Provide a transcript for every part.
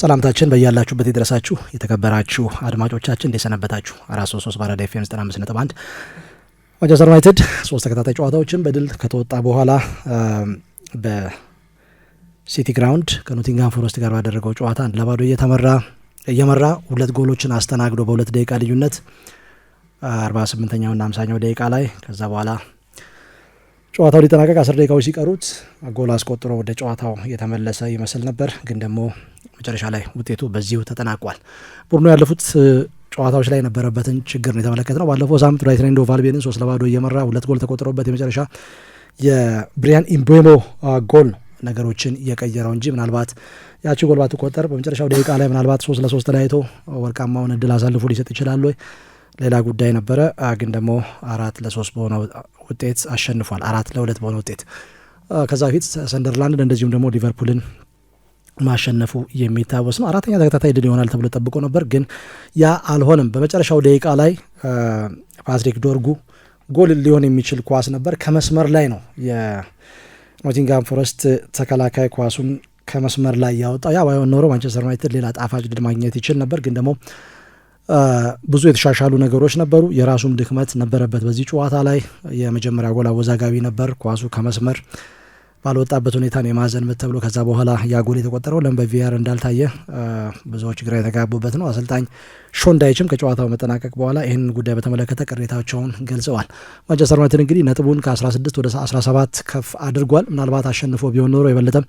ሰላምታችን በያላችሁበት የደረሳችሁ የተከበራችሁ አድማጮቻችን፣ እንደሰነበታችሁ አራት ሶስት ሶስት በአራዳ ኤፍ ዘጠና አምስት ነጥብ አንድ ማንቸስተር ዩናይትድ ሶስት ተከታታይ ጨዋታዎችን በድል ከተወጣ በኋላ በሲቲ ግራውንድ ከኖቲንግሃም ፎረስት ጋር ባደረገው ጨዋታ አንድ ለባዶ እየተመራ እየመራ ሁለት ጎሎችን አስተናግዶ በሁለት ደቂቃ ልዩነት አርባ ስምንተኛውና አምሳኛው ደቂቃ ላይ ከዛ በኋላ ጨዋታው ሊጠናቀቅ አስር ደቂቃዎች ሲቀሩት ጎል አስቆጥሮ ወደ ጨዋታው የተመለሰ ይመስል ነበር፣ ግን ደግሞ መጨረሻ ላይ ውጤቱ በዚሁ ተጠናቋል። ቡድኑ ያለፉት ጨዋታዎች ላይ የነበረበትን ችግር ነው የተመለከትነው። ባለፈው ሳምንት ራይትናንዶ ቫልቤንን ሶስት ለባዶ እየመራ ሁለት ጎል ተቆጥሮበት የመጨረሻ የብሪያን ኢምቦሞ ጎል ነገሮችን የቀየረው እንጂ ምናልባት ያቺ ጎል ባትቆጠር በመጨረሻው ደቂቃ ላይ ምናልባት ሶስት ለሶስት ተለያይቶ ወርቃማውን እድል አሳልፎ ሊሰጥ ይችላል ወይ ሌላ ጉዳይ ነበረ። ግን ደግሞ አራት ለሶስት በሆነ ውጤት አሸንፏል። አራት ለሁለት በሆነ ውጤት ከዛ በፊት ሰንደርላንድን እንደዚሁም ደግሞ ሊቨርፑልን ማሸነፉ የሚታወስ ነው። አራተኛ ተከታታይ ድል ይሆናል ተብሎ ጠብቆ ነበር፣ ግን ያ አልሆነም። በመጨረሻው ደቂቃ ላይ ፓትሪክ ዶርጉ ጎል ሊሆን የሚችል ኳስ ነበር ከመስመር ላይ ነው የኖቲንጋም ፎረስት ተከላካይ ኳሱን ከመስመር ላይ ያወጣው። ያ ባይሆን ኖሮ ማንቸስተር ዩናይትድ ሌላ ጣፋጭ ድል ማግኘት ይችል ነበር፣ ግን ደግሞ ብዙ የተሻሻሉ ነገሮች ነበሩ። የራሱም ድክመት ነበረበት በዚህ ጨዋታ ላይ። የመጀመሪያ ጎል አወዛጋቢ ነበር። ኳሱ ከመስመር ባልወጣበት ሁኔታ ነው የማዘን ምት ተብሎ ከዛ በኋላ ያ ጎል የተቆጠረው ለም በቪያር እንዳልታየ ብዙዎች ግራ የተጋቡበት ነው። አሰልጣኝ ሾንዳይችም ከጨዋታው መጠናቀቅ በኋላ ይህንን ጉዳይ በተመለከተ ቅሬታቸውን ገልጸዋል። ማንቸስተር ዩናይትድ እንግዲህ ነጥቡን ከ16 ወደ 17 ከፍ አድርጓል። ምናልባት አሸንፎ ቢሆን ኖሮ የበለጠም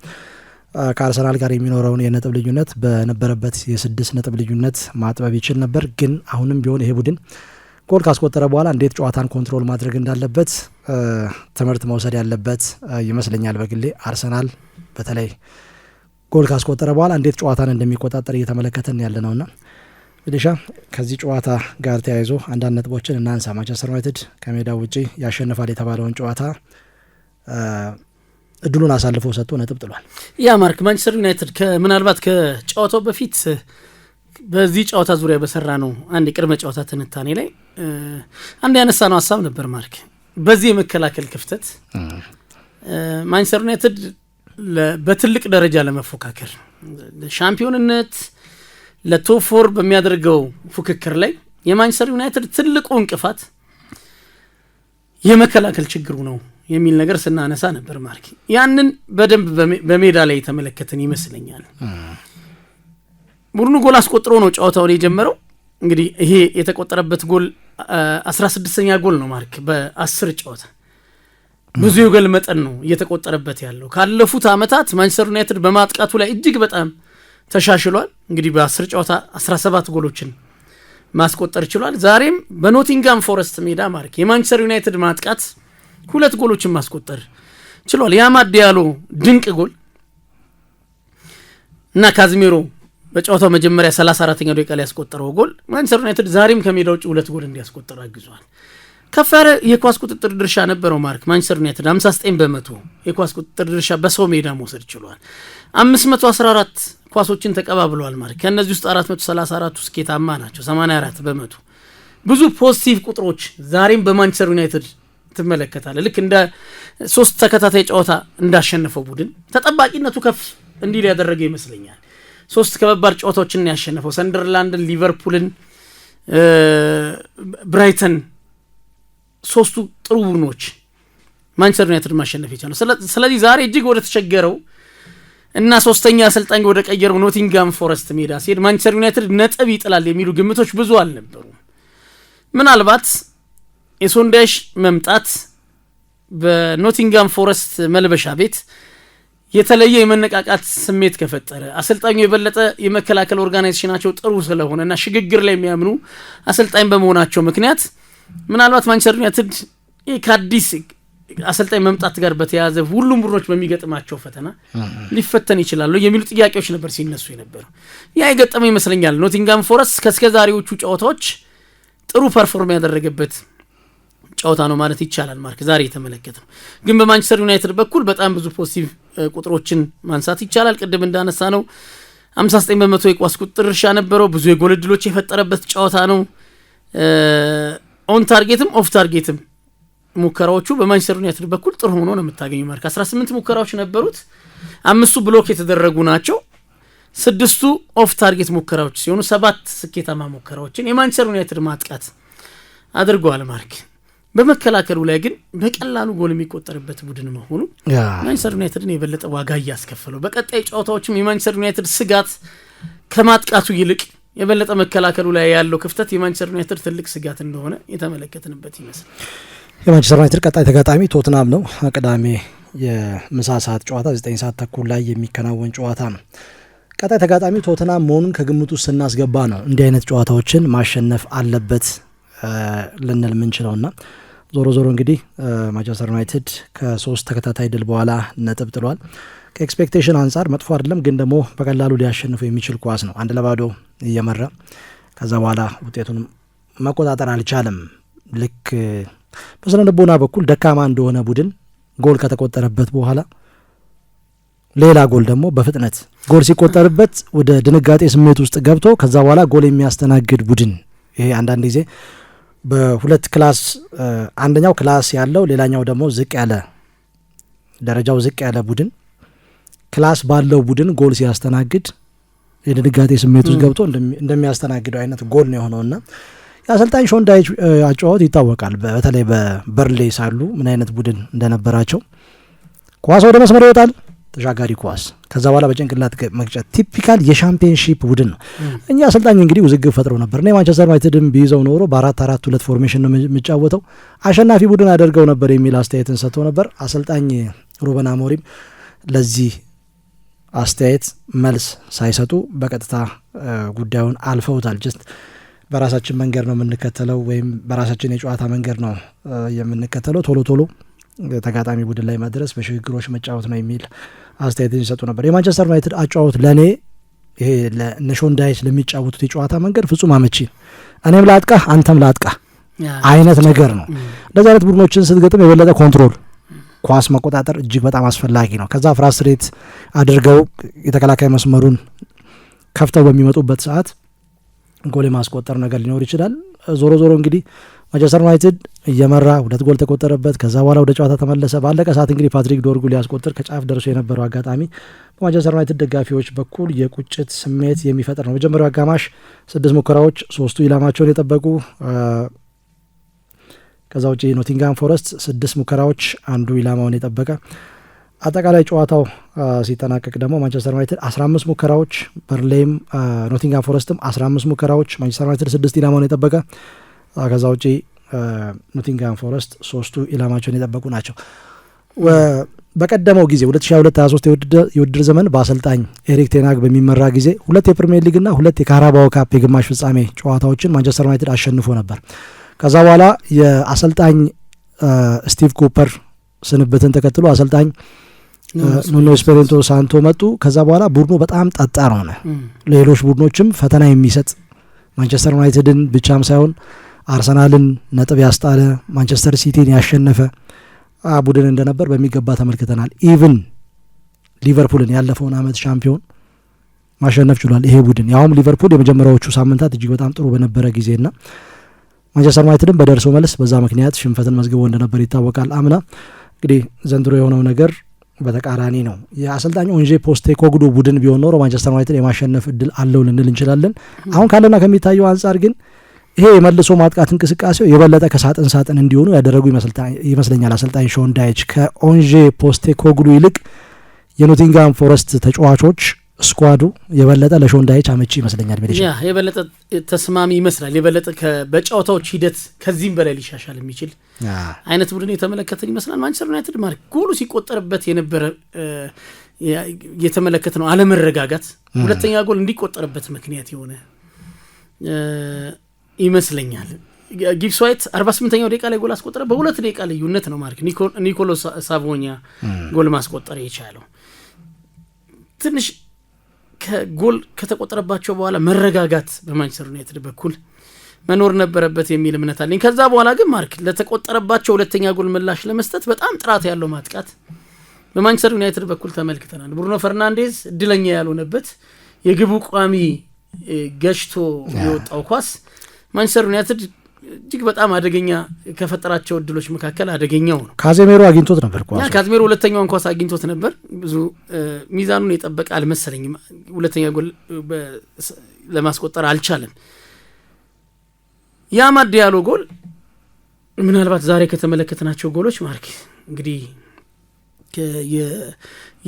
ከአርሰናል ጋር የሚኖረውን የነጥብ ልዩነት በነበረበት የስድስት ነጥብ ልዩነት ማጥበብ ይችል ነበር። ግን አሁንም ቢሆን ይሄ ቡድን ጎል ካስቆጠረ በኋላ እንዴት ጨዋታን ኮንትሮል ማድረግ እንዳለበት ትምህርት መውሰድ ያለበት ይመስለኛል። በግሌ አርሰናል በተለይ ጎል ካስቆጠረ በኋላ እንዴት ጨዋታን እንደሚቆጣጠር እየተመለከተን ያለ ነውና ሊሻ ከዚህ ጨዋታ ጋር ተያይዞ አንዳንድ ነጥቦችን እናንሳ። ማንቸስተር ዩናይትድ ከሜዳው ውጪ ያሸንፋል የተባለውን ጨዋታ እድሉን አሳልፎ ሰጥቶ ነጥብ ጥሏል። ያ ማርክ ማንቸስተር ዩናይትድ ምናልባት ከጨዋታው በፊት በዚህ ጨዋታ ዙሪያ በሰራ ነው አንድ የቅድመ ጨዋታ ትንታኔ ላይ አንድ ያነሳ ነው ሀሳብ ነበር ማርክ በዚህ የመከላከል ክፍተት ማንቸስተር ዩናይትድ በትልቅ ደረጃ ለመፎካከር ሻምፒዮንነት ለቶፕ ፎር በሚያደርገው ፉክክር ላይ የማንቸስተር ዩናይትድ ትልቁ እንቅፋት የመከላከል ችግሩ ነው የሚል ነገር ስናነሳ ነበር። ማርክ ያንን በደንብ በሜዳ ላይ የተመለከትን ይመስለኛል። ቡድኑ ጎል አስቆጥሮ ነው ጨዋታውን የጀመረው። እንግዲህ ይሄ የተቆጠረበት ጎል አስራ ስድስተኛ ጎል ነው ማርክ በአስር ጨዋታ ብዙ የጎል መጠን ነው እየተቆጠረበት ያለው። ካለፉት አመታት ማንቸስተር ዩናይትድ በማጥቃቱ ላይ እጅግ በጣም ተሻሽሏል። እንግዲህ በአስር ጨዋታ 17 ጎሎችን ማስቆጠር ችሏል። ዛሬም በኖቲንጋም ፎረስት ሜዳ ማርክ የማንቸስተር ዩናይትድ ማጥቃት ሁለት ጎሎችን ማስቆጠር ችሏል። ያማድ ዲያሎ ድንቅ ጎል እና ካዝሜሮ በጨዋታው መጀመሪያ 34ኛው ደቂቃ ላይ ያስቆጠረው ጎል ማንቸስተር ዩናይትድ ዛሬም ከሜዳ ውጭ ሁለት ጎል እንዲያስቆጠር አግዟል። ከፍ ያለ የኳስ ቁጥጥር ድርሻ ነበረው ማርክ ማንቸስተር ዩናይትድ 59 በመቶ የኳስ ቁጥጥር ድርሻ በሰው ሜዳ መውሰድ ችሏል። 514 ኳሶችን ተቀባብለዋል ማርክ ከእነዚህ ውስጥ 434 ስኬታማ ናቸው፣ 84 በመቶ ብዙ ፖዚቲቭ ቁጥሮች ዛሬም በማንቸስተር ዩናይትድ ትመለከታለህ። ልክ እንደ ሶስት ተከታታይ ጨዋታ እንዳሸነፈው ቡድን ተጠባቂነቱ ከፍ እንዲል ያደረገው ይመስለኛል። ሶስት ከባባድ ጨዋታዎችን ያሸነፈው ሰንደርላንድን፣ ሊቨርፑልን፣ ብራይተን ሶስቱ ጥሩ ቡድኖች ማንቸስተር ዩናይትድ ማሸነፍ የቻለው። ስለዚህ ዛሬ እጅግ ወደ ተቸገረው እና ሶስተኛ አሰልጣኝ ወደ ቀየረው ኖቲንጋም ፎረስት ሜዳ ሲሄድ ማንቸስተር ዩናይትድ ነጥብ ይጥላል የሚሉ ግምቶች ብዙ አልነበሩም። ምናልባት የሶንዳሽ መምጣት በኖቲንጋም ፎረስት መልበሻ ቤት የተለየ የመነቃቃት ስሜት ከፈጠረ አሰልጣኙ የበለጠ የመከላከል ኦርጋናይዜሽናቸው ጥሩ ስለሆነ እና ሽግግር ላይ የሚያምኑ አሰልጣኝ በመሆናቸው ምክንያት ምናልባት ማንቸስተር ዩናይትድ ከአዲስ አሰልጣኝ መምጣት ጋር በተያያዘ ሁሉም ቡድኖች በሚገጥማቸው ፈተና ሊፈተን ይችላሉ የሚሉ ጥያቄዎች ነበር ሲነሱ የነበሩ። ያ የገጠመ ይመስለኛል። ኖቲንጋም ፎረስት ከእስከ ዛሬዎቹ ጨዋታዎች ጥሩ ፐርፎርም ያደረገበት ጨዋታ ነው ማለት ይቻላል። ማርክ ዛሬ የተመለከተው ግን በማንቸስተር ዩናይትድ በኩል በጣም ብዙ ፖዚቲቭ ቁጥሮችን ማንሳት ይቻላል። ቅድም እንዳነሳ ነው 59 በመቶ የኳስ ቁጥጥር እርሻ ነበረው። ብዙ የጎል እድሎች የፈጠረበት ጨዋታ ነው። ኦን ታርጌትም ኦፍ ታርጌትም ሙከራዎቹ በማንቸስተር ዩናይትድ በኩል ጥሩ ሆኖ ነው የምታገኙ። ማርክ 18 ሙከራዎች ነበሩት። አምስቱ ብሎክ የተደረጉ ናቸው። ስድስቱ ኦፍ ታርጌት ሙከራዎች ሲሆኑ ሰባት ስኬታማ ሙከራዎችን የማንቸስተር ዩናይትድ ማጥቃት አድርገዋል ማርክ በመከላከሉ ላይ ግን በቀላሉ ጎል የሚቆጠርበት ቡድን መሆኑ ማንቸስተር ዩናይትድን የበለጠ ዋጋ እያስከፈለው፣ በቀጣይ ጨዋታዎችም የማንቸስተር ዩናይትድ ስጋት ከማጥቃቱ ይልቅ የበለጠ መከላከሉ ላይ ያለው ክፍተት የማንቸስተር ዩናይትድ ትልቅ ስጋት እንደሆነ የተመለከትንበት ይመስል የማንቸስተር ዩናይትድ ቀጣይ ተጋጣሚ ቶትናም ነው። ቅዳሜ የምሳ ሰዓት ጨዋታ ዘጠኝ ሰዓት ተኩል ላይ የሚከናወን ጨዋታ ነው። ቀጣይ ተጋጣሚ ቶትናም መሆኑን ከግምት ውስጥ ስናስገባ ነው እንዲህ አይነት ጨዋታዎችን ማሸነፍ አለበት ልንል የምንችለው ና ዞሮ ዞሮ እንግዲህ ማንቸስተር ዩናይትድ ከሶስት ተከታታይ ድል በኋላ ነጥብ ጥሏል። ከኤክስፔክቴሽን አንጻር መጥፎ አይደለም፣ ግን ደግሞ በቀላሉ ሊያሸንፉ የሚችል ኳስ ነው። አንድ ለባዶ እየመራ ከዛ በኋላ ውጤቱን መቆጣጠር አልቻለም። ልክ በስነ ልቦና በኩል ደካማ እንደሆነ ቡድን ጎል ከተቆጠረበት በኋላ ሌላ ጎል ደግሞ በፍጥነት ጎል ሲቆጠርበት ወደ ድንጋጤ ስሜት ውስጥ ገብቶ ከዛ በኋላ ጎል የሚያስተናግድ ቡድን ይሄ አንዳንድ ጊዜ በሁለት ክላስ አንደኛው ክላስ ያለው ሌላኛው ደግሞ ዝቅ ያለ ደረጃው ዝቅ ያለ ቡድን ክላስ ባለው ቡድን ጎል ሲያስተናግድ የድንጋጤ ስሜት ውስጥ ገብቶ እንደሚያስተናግደው አይነት ጎል ነው ና የአሰልጣኝ ሾንዳይች አጨዋወት ይታወቃል። በተለይ በበርሌ ሳሉ ምን አይነት ቡድን እንደነበራቸው። ኳስ ወደ መስመር ይወጣል፣ ተሻጋሪ ኳስ ከዛ በኋላ በጭንቅላት መግጨት ቲፒካል የሻምፒየንሺፕ ቡድን ነው። እኛ አሰልጣኝ እንግዲህ ውዝግብ ፈጥሮ ነበር። እኔ ማንቸስተር ዩናይትድን ቢይዘው ኖሮ በአራት አራት ሁለት ፎርሜሽን ነው የሚጫወተው አሸናፊ ቡድን አደርገው ነበር የሚል አስተያየትን ሰጥቶ ነበር። አሰልጣኝ ሩበን አሞሪም ለዚህ አስተያየት መልስ ሳይሰጡ በቀጥታ ጉዳዩን አልፈውታል። ጀስት በራሳችን መንገድ ነው የምንከተለው ወይም በራሳችን የጨዋታ መንገድ ነው የምንከተለው ቶሎ ቶሎ ተጋጣሚ ቡድን ላይ መድረስ በሽግግሮች መጫወት ነው የሚል አስተያየት ሲሰጡ ነበር። የማንቸስተር ዩናይትድ አጫወት ለእኔ ይሄ እነ ሾን ለሚጫወቱት የጨዋታ መንገድ ፍጹም አመቺ ነው። እኔም ላጥቃ አንተም ላጥቃ አይነት ነገር ነው። እንደዚህ አይነት ቡድኖችን ስትገጥም የበለጠ ኮንትሮል ኳስ መቆጣጠር እጅግ በጣም አስፈላጊ ነው። ከዛ ፍራስትሬት አድርገው የተከላካይ መስመሩን ከፍተው በሚመጡበት ሰዓት ጎል የማስቆጠር ነገር ሊኖር ይችላል። ዞሮ ዞሮ እንግዲህ ማንቸስተር ዩናይትድ እየመራ ሁለት ጎል ተቆጠረበት። ከዛ በኋላ ወደ ጨዋታ ተመለሰ። ባለቀ ሰዓት እንግዲህ ፓትሪክ ዶርጉ ሊያስቆጥር ከጫፍ ደርሶ የነበረው አጋጣሚ በማንቸስተር ዩናይትድ ደጋፊዎች በኩል የቁጭት ስሜት የሚፈጥር ነው። መጀመሪያው አጋማሽ ስድስት ሙከራዎች ሶስቱ ኢላማቸውን የጠበቁ ከዛ ውጪ ኖቲንጋም ፎረስት ስድስት ሙከራዎች አንዱ ኢላማውን የጠበቀ አጠቃላይ ጨዋታው ሲጠናቀቅ ደግሞ ማንቸስተር ዩናይትድ 15 ሙከራዎች በርሌም ኖቲንጋም ፎረስትም አምስት ሙከራዎች ማንቸስተር ዩናይትድ ስድስት ኢላማውን የጠበቀ ከዛ ውጪ ኖቲንጋም ፎረስት ሶስቱ ኢላማቸውን የጠበቁ ናቸው። በቀደመው ጊዜ 2022/23 የውድድር ዘመን በአሰልጣኝ ኤሪክ ቴናግ በሚመራ ጊዜ ሁለት የፕሪምየር ሊግና ሁለት የካራባው ካፕ የግማሽ ፍጻሜ ጨዋታዎችን ማንቸስተር ዩናይትድ አሸንፎ ነበር። ከዛ በኋላ የአሰልጣኝ ስቲቭ ኩፐር ስንብትን ተከትሎ አሰልጣኝ ኑኖ ስፔሬንቶ ሳንቶ መጡ። ከዛ በኋላ ቡድኑ በጣም ጠጣር ሆነ። ሌሎች ቡድኖችም ፈተና የሚሰጥ ማንቸስተር ዩናይትድን ብቻም ሳይሆን አርሰናልን ነጥብ ያስጣለ ማንቸስተር ሲቲን ያሸነፈ ቡድን እንደነበር በሚገባ ተመልክተናል። ኢቭን ሊቨርፑልን ያለፈውን ዓመት ሻምፒዮን ማሸነፍ ችሏል ይሄ ቡድን ያውም ሊቨርፑል የመጀመሪያዎቹ ሳምንታት እጅግ በጣም ጥሩ በነበረ ጊዜና ማንቸስተር ዩናይትድን በደርሶ መልስ በዛ ምክንያት ሽንፈትን መዝግቦ እንደነበር ይታወቃል። አምና እንግዲህ ዘንድሮ የሆነው ነገር በተቃራኒ ነው። የአሰልጣኝ ፖስቴ ኮግዶ ቡድን ቢሆን ኖሮ ማንቸስተር ዩናይትድ የማሸነፍ እድል አለው ልንል እንችላለን። አሁን ካለና ከሚታየው አንጻር ግን ይሄ የመልሶ ማጥቃት እንቅስቃሴው የበለጠ ከሳጥን ሳጥን እንዲሆኑ ያደረጉ ይመስለኛል። አሰልጣኝ ሾን ዳይች ከኦንዤ ፖስቴ ፖስቴኮግሉ ይልቅ የኖቲንጋም ፎረስት ተጫዋቾች ስኳዱ የበለጠ ለሾን ዳይች አመቺ ይመስለኛል። ሜዲሽ የበለጠ ተስማሚ ይመስላል። የበለጠ በጨዋታዎች ሂደት ከዚህም በላይ ሊሻሻል የሚችል አይነት ቡድን የተመለከተን ይመስላል። ማንቸስተር ዩናይትድ ማር ጎሉ ሲቆጠርበት የነበረ የተመለከት ነው አለመረጋጋት፣ ሁለተኛ ጎል እንዲቆጠርበት ምክንያት የሆነ ይመስለኛል። ጊብስ ዋይት አርባ ስምንተኛው ደቂቃ ላይ ጎል አስቆጠረ። በሁለት ደቂቃ ልዩነት ነው ማርክ ኒኮሎ ሳቮኛ ጎል ማስቆጠር የቻለው። ትንሽ ከጎል ከተቆጠረባቸው በኋላ መረጋጋት በማንቸስተር ዩናይትድ በኩል መኖር ነበረበት የሚል እምነት አለኝ። ከዛ በኋላ ግን ማርክ ለተቆጠረባቸው ሁለተኛ ጎል ምላሽ ለመስጠት በጣም ጥራት ያለው ማጥቃት በማንቸስተር ዩናይትድ በኩል ተመልክተናል። ብሩኖ ፈርናንዴዝ እድለኛ ያልሆነበት የግቡ ቋሚ ገጭቶ የወጣው ኳስ ማንቸስተር ዩናይትድ እጅግ በጣም አደገኛ ከፈጠራቸው እድሎች መካከል አደገኛው ነው። ካዜሜሮ አግኝቶት ነበር ኳስ ካዜሜሮ ሁለተኛውን ኳስ አግኝቶት ነበር። ብዙ ሚዛኑን የጠበቀ አልመሰለኝም። ሁለተኛ ጎል ለማስቆጠር አልቻለም። የአማድ ዲያሎ ጎል ምናልባት ዛሬ ከተመለከትናቸው ጎሎች ማርክ እንግዲህ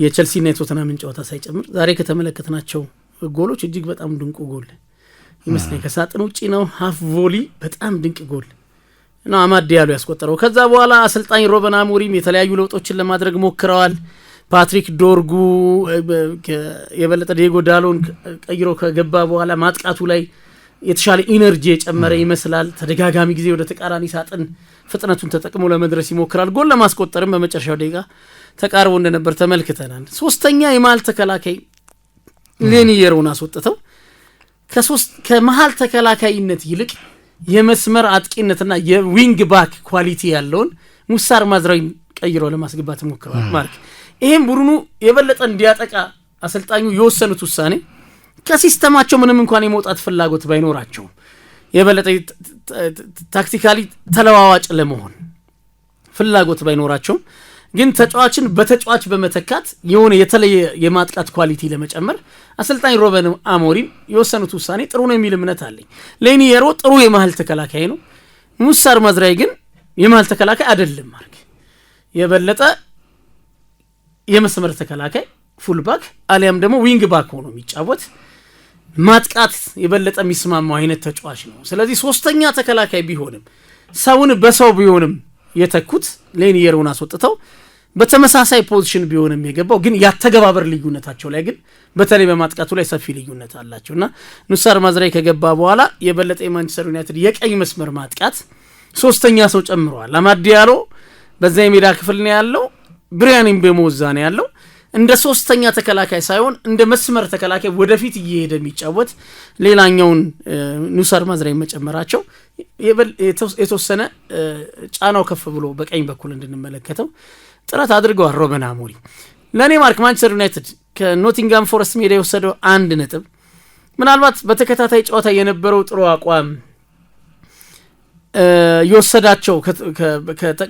የቼልሲና የቶተናምን ጨዋታ ሳይጨምር ዛሬ ከተመለከትናቸው ጎሎች እጅግ በጣም ድንቁ ጎል ይመስለኝ ከሳጥን ውጪ ነው። ሀፍ ቮሊ በጣም ድንቅ ጎል ነው አማዴ ያሉ ያስቆጠረው። ከዛ በኋላ አሰልጣኝ ሮበን አሞሪም የተለያዩ ለውጦችን ለማድረግ ሞክረዋል። ፓትሪክ ዶርጉ የበለጠ ዴጎ ዳሎን ቀይሮ ከገባ በኋላ ማጥቃቱ ላይ የተሻለ ኢነርጂ የጨመረ ይመስላል። ተደጋጋሚ ጊዜ ወደ ተቃራኒ ሳጥን ፍጥነቱን ተጠቅሞ ለመድረስ ይሞክራል። ጎል ለማስቆጠርም በመጨረሻው ደቂቃ ተቃርቦ እንደነበር ተመልክተናል። ሶስተኛ የመሀል ተከላካይ ሌኒየሮን አስወጥተው ከሶስት ከመሀል ተከላካይነት ይልቅ የመስመር አጥቂነትና የዊንግ ባክ ኳሊቲ ያለውን ሙሳር ማዝራዊን ቀይሮ ለማስገባት ሞክረዋል። ማርክ ይህም ቡድኑ የበለጠ እንዲያጠቃ አሰልጣኙ የወሰኑት ውሳኔ ከሲስተማቸው ምንም እንኳን የመውጣት ፍላጎት ባይኖራቸውም የበለጠ ታክቲካሊ ተለዋዋጭ ለመሆን ፍላጎት ባይኖራቸውም ግን ተጫዋችን በተጫዋች በመተካት የሆነ የተለየ የማጥቃት ኳሊቲ ለመጨመር አሰልጣኝ ሮበን አሞሪም የወሰኑት ውሳኔ ጥሩ ነው የሚል እምነት አለኝ። ሌኒየሮ ጥሩ የመሀል ተከላካይ ነው። ሙሳር ማዝራይ ግን የመሀል ተከላካይ አይደለም። ማርክ የበለጠ የመስመር ተከላካይ ፉልባክ አሊያም ደግሞ ዊንግ ባክ ሆኖ የሚጫወት ማጥቃት የበለጠ የሚስማማው አይነት ተጫዋች ነው። ስለዚህ ሶስተኛ ተከላካይ ቢሆንም ሰውን በሰው ቢሆንም የተኩት ሌኒየሮን አስወጥተው በተመሳሳይ ፖዚሽን ቢሆን የገባው ግን ያተገባበር ልዩነታቸው ላይ ግን በተለይ በማጥቃቱ ላይ ሰፊ ልዩነት አላቸው እና ኑሳር ማዝራይ ከገባ በኋላ የበለጠ የማንቸስተር ዩናይትድ የቀኝ መስመር ማጥቃት ሶስተኛ ሰው ጨምረዋል። አማዲያሎ በዛ የሜዳ ክፍል ነው ያለው። ብሪያኒም ምቤሞ ነው ያለው። እንደ ሶስተኛ ተከላካይ ሳይሆን እንደ መስመር ተከላካይ ወደፊት እየሄደ የሚጫወት ሌላኛውን ኑሳር ማዝራይ መጨመራቸው የተወሰነ ጫናው ከፍ ብሎ በቀኝ በኩል እንድንመለከተው ጥረት አድርገዋል ሮበን አሞሪ ለእኔ ማርክ ማንቸስተር ዩናይትድ ከኖቲንጋም ፎረስት ሜዳ የወሰደው አንድ ነጥብ ምናልባት በተከታታይ ጨዋታ የነበረው ጥሩ አቋም የወሰዳቸው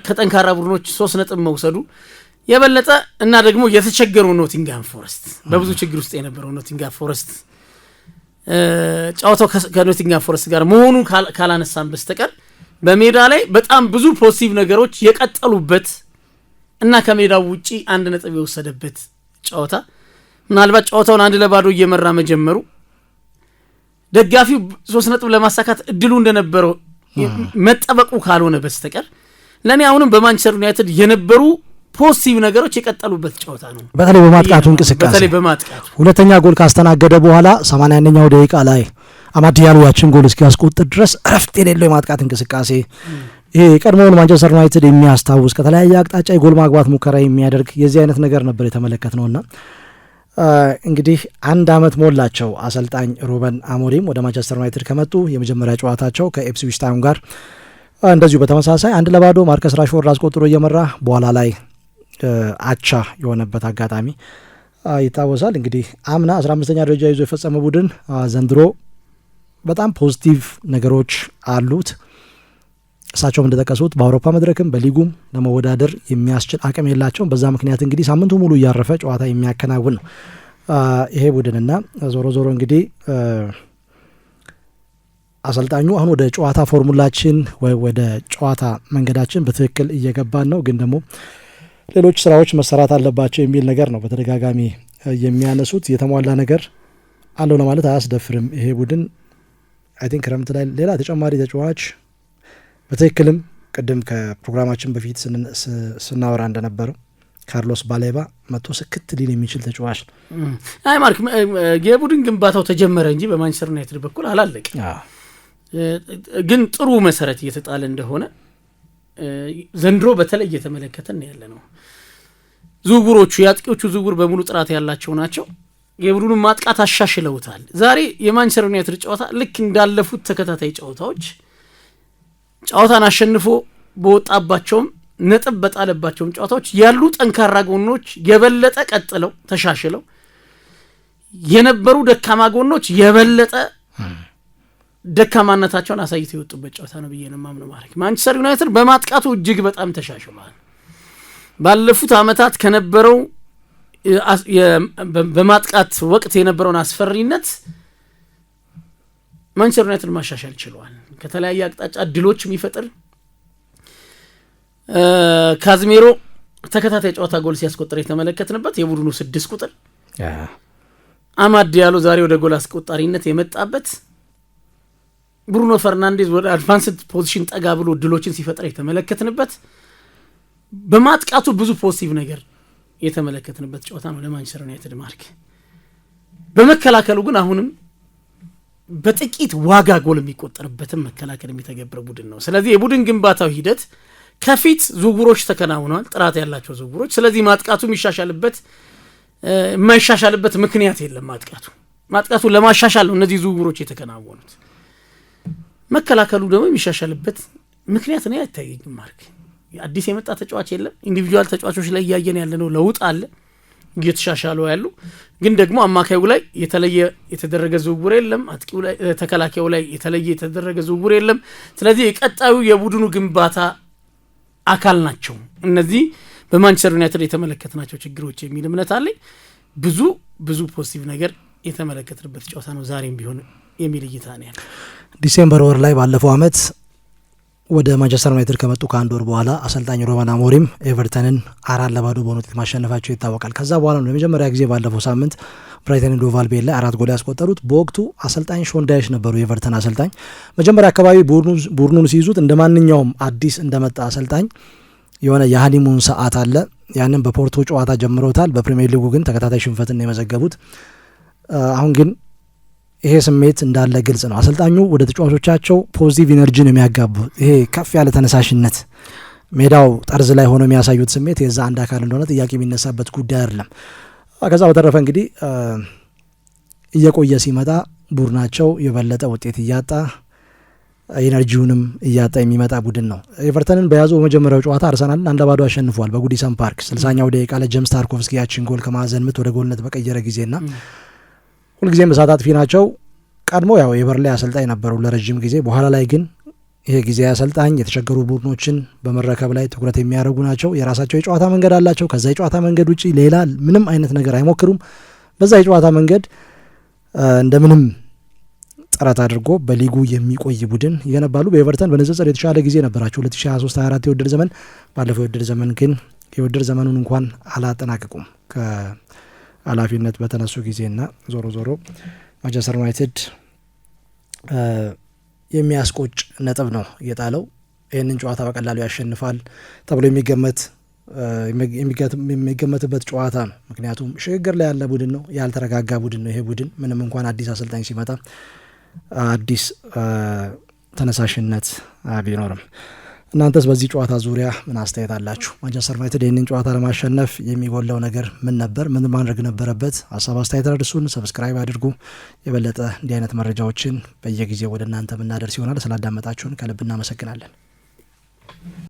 ከጠንካራ ቡድኖች ሶስት ነጥብ መውሰዱ የበለጠ እና ደግሞ የተቸገረው ኖቲንጋም ፎረስት በብዙ ችግር ውስጥ የነበረው ኖቲንጋም ፎረስት ጨዋታው ከኖቲንጋም ፎረስት ጋር መሆኑ ካላነሳን በስተቀር በሜዳ ላይ በጣም ብዙ ፖዚቲቭ ነገሮች የቀጠሉበት እና ከሜዳው ውጪ አንድ ነጥብ የወሰደበት ጨዋታ ምናልባት ጨዋታውን አንድ ለባዶ እየመራ መጀመሩ ደጋፊው ሶስት ነጥብ ለማሳካት እድሉ እንደነበረው መጠበቁ ካልሆነ በስተቀር ለእኔ አሁንም በማንቸስተር ዩናይትድ የነበሩ ፖዚቲቭ ነገሮች የቀጠሉበት ጨዋታ ነው። በተለይ በማጥቃቱ እንቅስቃሴ በተለይ በማጥቃቱ ሁለተኛ ጎል ካስተናገደ በኋላ 81ኛው ደቂቃ ላይ አማድ ዲያሎ ያችን ጎል እስኪያስቆጥር ድረስ እረፍት የሌለው የማጥቃት እንቅስቃሴ ይሄ የቀድሞውን ማንቸስተር ዩናይትድ የሚያስታውስ ከተለያየ አቅጣጫ የጎል ማግባት ሙከራ የሚያደርግ የዚህ አይነት ነገር ነበር የተመለከት ነውና እንግዲህ አንድ አመት ሞላቸው አሰልጣኝ ሩበን አሞሪም ወደ ማንቸስተር ዩናይትድ ከመጡ። የመጀመሪያ ጨዋታቸው ከኤፕስዊች ታውን ጋር እንደዚሁ በተመሳሳይ አንድ ለባዶ ማርከስ ራሽፎርድ አስቆጥሮ እየመራ በኋላ ላይ አቻ የሆነበት አጋጣሚ ይታወሳል። እንግዲህ አምና 15 አምስተኛ ደረጃ ይዞ የፈጸመ ቡድን ዘንድሮ በጣም ፖዚቲቭ ነገሮች አሉት። እሳቸውም እንደጠቀሱት በአውሮፓ መድረክም በሊጉም ለመወዳደር የሚያስችል አቅም የላቸውም። በዛ ምክንያት እንግዲህ ሳምንቱ ሙሉ እያረፈ ጨዋታ የሚያከናውን ነው ይሄ ቡድንና ዞሮ ዞሮ እንግዲህ አሰልጣኙ አሁን ወደ ጨዋታ ፎርሙላችን ወደ ጨዋታ መንገዳችን በትክክል እየገባን ነው፣ ግን ደግሞ ሌሎች ስራዎች መሰራት አለባቸው የሚል ነገር ነው በተደጋጋሚ የሚያነሱት። የተሟላ ነገር አለው ለማለት አያስደፍርም። ይሄ ቡድን አይ ቲንክ ክረምት ላይ ሌላ ተጨማሪ ተጫዋች በትክክልም ቅድም ከፕሮግራማችን በፊት ስናወራ እንደነበረው ካርሎስ ባሌባ መቶ ስክት ሊል የሚችል ተጫዋች ነው። አይ ማርክ የቡድን ግንባታው ተጀመረ እንጂ በማንቸስተር ዩናይትድ በኩል አላለቅ፣ ግን ጥሩ መሰረት እየተጣለ እንደሆነ ዘንድሮ በተለይ እየተመለከተን ያለ ነው። ዝውውሮቹ የአጥቂዎቹ ዝውውር በሙሉ ጥራት ያላቸው ናቸው። የቡድኑን ማጥቃት አሻሽለውታል። ዛሬ የማንቸስተር ዩናይትድ ጨዋታ ልክ እንዳለፉት ተከታታይ ጨዋታዎች ጨዋታን አሸንፎ በወጣባቸውም ነጥብ በጣለባቸውም ጨዋታዎች ያሉ ጠንካራ ጎኖች የበለጠ ቀጥለው ተሻሽለው የነበሩ ደካማ ጎኖች የበለጠ ደካማነታቸውን አሳይተው የወጡበት ጨዋታ ነው ብዬ ነው የማምነው። ማለት ማንቸስተር ዩናይትድ በማጥቃቱ እጅግ በጣም ተሻሽሏል። ባለፉት ዓመታት ከነበረው በማጥቃት ወቅት የነበረውን አስፈሪነት ማንቸስተር ዩናይትድ ማሻሻል ችሏል። ከተለያየ አቅጣጫ ድሎች የሚፈጥር ካዝሜሮ ተከታታይ ጨዋታ ጎል ሲያስቆጥር የተመለከትንበት የቡድኑ ስድስት ቁጥር አማድ ዲያሎ ዛሬ ወደ ጎል አስቆጣሪነት የመጣበት ብሩኖ ፈርናንዴዝ ወደ አድቫንስድ ፖዚሽን ጠጋ ብሎ ድሎችን ሲፈጥር የተመለከትንበት በማጥቃቱ ብዙ ፖዚቲቭ ነገር የተመለከትንበት ጨዋታ ነው ለማንቸስተር ዩናይትድ ማርክ። በመከላከሉ ግን አሁንም በጥቂት ዋጋ ጎል የሚቆጠርበትን መከላከል የሚተገብር ቡድን ነው። ስለዚህ የቡድን ግንባታው ሂደት ከፊት ዝውውሮች ተከናውነዋል፣ ጥራት ያላቸው ዝውውሮች። ስለዚህ ማጥቃቱ የሚሻሻልበት የማይሻሻልበት ምክንያት የለም። ማጥቃቱ ማጥቃቱ ለማሻሻል ነው እነዚህ ዝውውሮች የተከናወኑት። መከላከሉ ደግሞ የሚሻሻልበት ምክንያት ነው አይታየኝም። ማርክ አዲስ የመጣ ተጫዋች የለም። ኢንዲቪጁዋል ተጫዋቾች ላይ እያየን ያለነው ለውጥ አለ። እየተሻሻሉ ያሉ ግን ደግሞ አማካዩ ላይ የተለየ የተደረገ ዝውውር የለም። አጥቂው ላይ ተከላካዩ ላይ የተለየ የተደረገ ዝውውር የለም። ስለዚህ የቀጣዩ የቡድኑ ግንባታ አካል ናቸው እነዚህ በማንቸስተር ዩናይትድ የተመለከትናቸው ችግሮች የሚል እምነት አለኝ። ብዙ ብዙ ፖዚቲቭ ነገር የተመለከትንበት ጨዋታ ነው ዛሬም ቢሆን የሚል እይታ ነው ያለ ዲሴምበር ወር ላይ ባለፈው አመት ወደ ማንቸስተር ዩናይትድ ከመጡ ከአንድ ወር በኋላ አሰልጣኝ ሮማን አሞሪም ኤቨርተንን አራት ለባዶ በሆነ ውጤት ማሸነፋቸው ይታወቃል። ከዛ በኋላ ነው ለመጀመሪያ ጊዜ ባለፈው ሳምንት ብራይተን ዶቫል ቤል ላይ አራት ጎል ያስቆጠሩት። በወቅቱ አሰልጣኝ ሾን ዳይሽ ነበሩ የኤቨርተን አሰልጣኝ። መጀመሪያ አካባቢ ቡድኑን ሲይዙት እንደ ማንኛውም አዲስ እንደመጣ አሰልጣኝ የሆነ የሀኒሙን ሰዓት አለ። ያንን በፖርቶ ጨዋታ ጀምረውታል። በፕሪሚየር ሊጉ ግን ተከታታይ ሽንፈትን የመዘገቡት አሁን ግን ይሄ ስሜት እንዳለ ግልጽ ነው። አሰልጣኙ ወደ ተጫዋቾቻቸው ፖዚቲቭ ኢነርጂን የሚያጋቡ ይሄ ከፍ ያለ ተነሳሽነት ሜዳው ጠርዝ ላይ ሆኖ የሚያሳዩት ስሜት የዛ አንድ አካል እንደሆነ ጥያቄ የሚነሳበት ጉዳይ አይደለም። ከዛ በተረፈ እንግዲህ እየቆየ ሲመጣ ቡድናቸው የበለጠ ውጤት እያጣ ኢነርጂውንም እያጣ የሚመጣ ቡድን ነው። ኤቨርተንን በያዘው በመጀመሪያው ጨዋታ አርሰናልን አንድ ባዶ አሸንፏል በጉዲሰን ፓርክ። ስልሳኛው ደቂቃ ለጀምስ ታርኮቭስኪ ያችን ጎል ከማዕዘን ምት ወደ ጎልነት በቀየረ ጊዜና ሁልጊዜ እሳት አጥፊ ናቸው። ቀድሞ ያው የበርሌ አሰልጣኝ ነበሩ ለረዥም ጊዜ። በኋላ ላይ ግን ይሄ ጊዜ አሰልጣኝ የተቸገሩ ቡድኖችን በመረከብ ላይ ትኩረት የሚያደርጉ ናቸው። የራሳቸው የጨዋታ መንገድ አላቸው። ከዛ የጨዋታ መንገድ ውጭ ሌላ ምንም አይነት ነገር አይሞክሩም። በዛ የጨዋታ መንገድ እንደምንም ጥረት አድርጎ በሊጉ የሚቆይ ቡድን ይገነባሉ። በኤቨርተን በንጽጽር የተሻለ ጊዜ ነበራቸው 2023/24 የውድድር ዘመን። ባለፈው የውድድር ዘመን ግን የውድድር ዘመኑን እንኳን አላጠናቀቁም። ኃላፊነት በተነሱ ጊዜና ዞሮ ዞሮ ማንቸስተር ዩናይትድ የሚያስቆጭ ነጥብ ነው እየጣለው። ይህንን ጨዋታ በቀላሉ ያሸንፋል ተብሎ የሚገመት የሚገመትበት ጨዋታ ነው። ምክንያቱም ሽግግር ላይ ያለ ቡድን ነው፣ ያልተረጋጋ ቡድን ነው። ይሄ ቡድን ምንም እንኳን አዲስ አሰልጣኝ ሲመጣ አዲስ ተነሳሽነት ቢኖርም እናንተስ በዚህ ጨዋታ ዙሪያ ምን አስተያየት አላችሁ? ማንቸስተር ዩናይትድ ይህንን ጨዋታ ለማሸነፍ የሚጎለው ነገር ምን ነበር? ምን ማድረግ ነበረበት? ሀሳብ አስተያየት አድርሱን፣ ሰብስክራይብ አድርጉ። የበለጠ እንዲህ አይነት መረጃዎችን በየጊዜው ወደ እናንተ የምናደርስ ይሆናል። ስላዳመጣችሁን ከልብ እናመሰግናለን።